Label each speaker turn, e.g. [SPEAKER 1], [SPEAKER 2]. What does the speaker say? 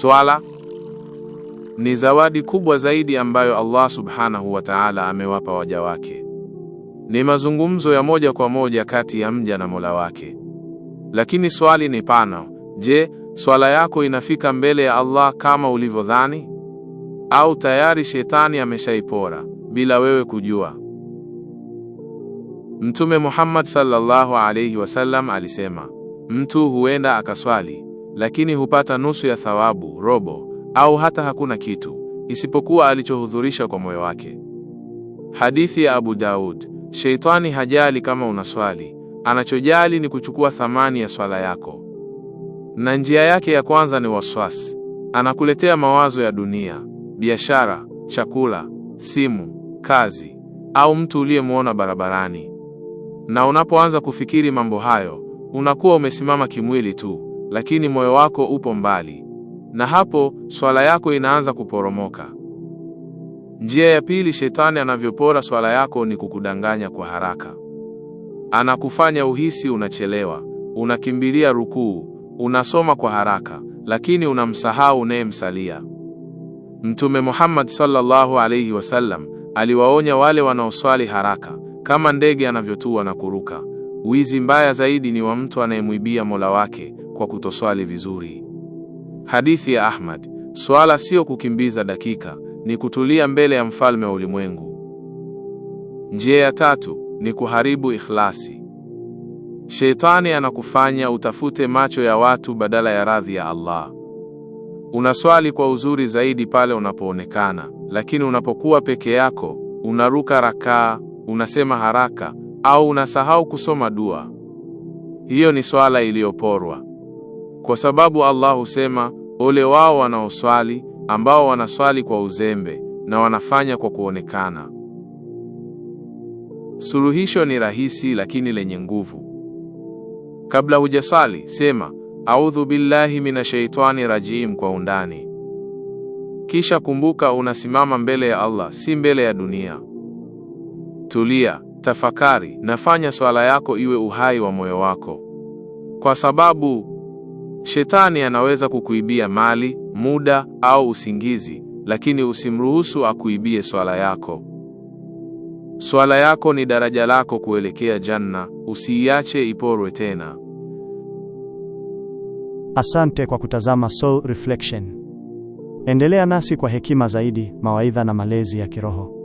[SPEAKER 1] Swala ni zawadi kubwa zaidi ambayo Allah subhanahu wa ta'ala amewapa waja wake. Ni mazungumzo ya moja kwa moja kati ya mja na Mola wake. Lakini swali ni pana. Je, swala yako inafika mbele ya Allah kama ulivyodhani, au tayari shetani ameshaipora bila wewe kujua? Mtume Muhammad sallallahu alayhi wasallam alisema, mtu huenda akaswali lakini hupata nusu ya thawabu, robo au hata hakuna kitu, isipokuwa alichohudhurisha kwa moyo wake. Hadithi ya Abu Daud. Sheitani hajali kama unaswali, anachojali ni kuchukua thamani ya swala yako, na njia yake ya kwanza ni waswasi. Anakuletea mawazo ya dunia, biashara, chakula, simu, kazi au mtu uliyemwona barabarani, na unapoanza kufikiri mambo hayo unakuwa umesimama kimwili tu lakini moyo wako upo mbali, na hapo swala yako inaanza kuporomoka. Njia ya pili shetani anavyopora swala yako ni kukudanganya kwa haraka. Anakufanya uhisi unachelewa, unakimbilia rukuu, unasoma kwa haraka, lakini unamsahau unayemsalia. Mtume Muhammad sallallahu alayhi wasallam aliwaonya wale wanaoswali haraka, kama ndege anavyotua na kuruka. Wizi mbaya zaidi ni wa mtu anayemwibia Mola wake kwa kutoswali vizuri. Hadithi ya Ahmad: swala siyo kukimbiza dakika, ni kutulia mbele ya mfalme wa ulimwengu. Njia ya tatu ni kuharibu ikhlasi. Sheitani anakufanya utafute macho ya watu badala ya radhi ya Allah. Unaswali kwa uzuri zaidi pale unapoonekana, lakini unapokuwa peke yako unaruka rakaa, unasema haraka, au unasahau kusoma dua. Hiyo ni swala iliyoporwa kwa sababu Allah husema, ole wao wanaoswali ambao wanaswali kwa uzembe na wanafanya kwa kuonekana. Suluhisho ni rahisi lakini lenye nguvu. Kabla hujaswali, sema audhu billahi minashaitani rajim kwa undani, kisha kumbuka unasimama mbele ya Allah, si mbele ya dunia. Tulia, tafakari, nafanya swala yako iwe uhai wa moyo wako, kwa sababu Shetani anaweza kukuibia mali, muda au usingizi, lakini usimruhusu akuibie swala yako. Swala yako ni daraja lako kuelekea Janna, usiiache iporwe tena.
[SPEAKER 2] Asante kwa kutazama Soul Reflection. Endelea nasi kwa hekima zaidi, mawaidha na malezi ya kiroho.